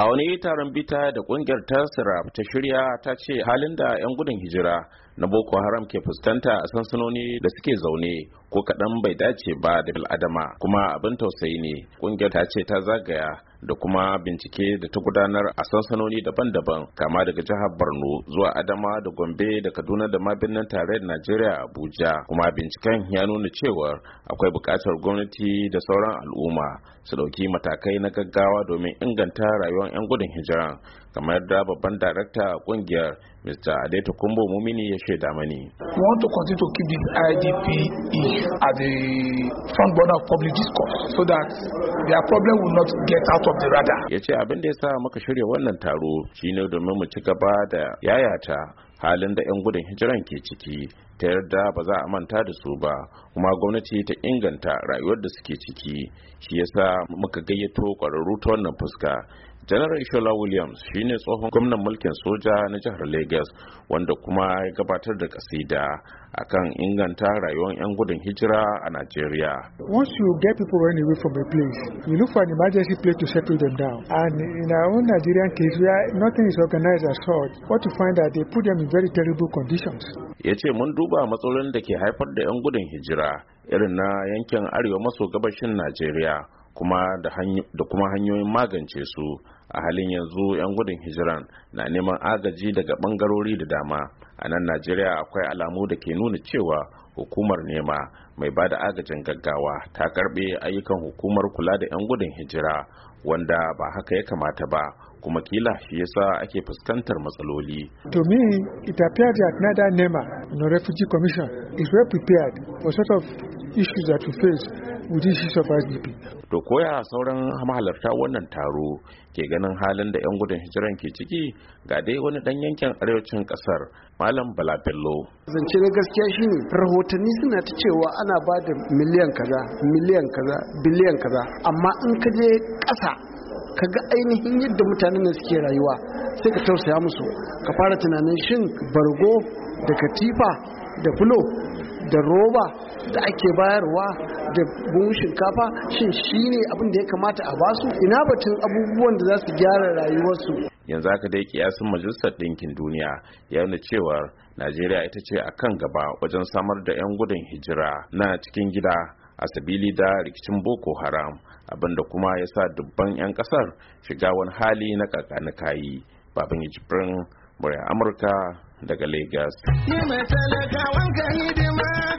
a wani taron bita da kungiyar tasira ta shirya ta ce halin da 'yan gudun hijira na boko haram ke fuskanta a sansanoni da suke zaune ko kaɗan bai dace ba da bil'adama kuma abin tausayi ne kungiyar ta ce ta zagaya da kuma bincike da ta gudanar a sansanoni daban-daban kama daga jihar borno zuwa adama da gombe da kaduna da ma birnin tarayyar najeriya abuja kuma binciken ya nuna cewar akwai bukatar gwamnati da sauran al'umma su ɗauki matakai na gaggawa domin inganta rayuwar 'yan gudun hijira kamar da babban darakta ƙungiyar Mr. Adeto Kumbo Mumini ya shaida mani. We want to continue to keep this IDP issue at the front border of public discourse so that their problem will not get out of the radar. Ya ce abin da ya sa muka shirya wannan taro shine domin mu ci gaba da yayata halin da 'yan gudun hijiran ke ciki ta yarda ba za a manta da su ba kuma gwamnati ta inganta rayuwar da suke ciki shi yasa muka gayyato kwararru ta wannan fuska janar ishola williams shine tsohon gwamnan mulkin soja na jihar lagos wanda kuma ya gabatar da kasida akan inganta rayuwar 'yan gudun hijira a nigeria once you get people running away from a place you look for an emergency place to settle them down and in our own nigerian case where nothing is organized as such what you find that they put them in very terrible conditions ya ce mun duba matsalolin da ke haifar da 'yan gudun hijira irin na yankin arewa maso gabashin najeriya kuma da kuma hanyoyin magance su a halin yanzu 'yan gudun hijiran na neman agaji daga bangarori da dama a nan najeriya akwai alamu da ke nuna cewa hukumar nema mai ba da agajin gaggawa ta karbe ayyukan hukumar kula da 'yan gudun hijira wanda ba haka ya kamata ba kuma kila shi yasa ake fuskantar matsaloli. To me it appeared that neither NEMA nor Refugee Commission is well prepared for sort of issues that we face with issues of IDP. To koya sauran mahalarta wannan taro ke ganin halin da 'yan gudun hijiran ke ciki ga dai wani dan yankin arewacin kasar Malam Bala Bello. Zance na gaskiya shine rahotanni suna ta cewa ana ba da miliyan kaza, miliyan kaza, biliyan kaza, amma in ka je ƙasa ka ga ainihin yadda mutanen nan suke rayuwa sai ka tausaya musu ka fara tunanin shin bargo da katifa da fulo da roba da ake bayarwa da buhun shinkafa shin shine abin da ya kamata a basu ina batun abubuwan da za su gyara rayuwarsu yanzu haka dai kiyasin majalisar ɗinkin duniya ya nuna cewar najeriya ita ce a kan gaba wajen samar da 'yan gudun hijira na cikin gida a sabili da rikicin boko haram abinda kuma ya sa dubban 'yan kasar shiga wani hali na kayi babin jibrin murya amurka daga Legas. Ni mai talakawan hidima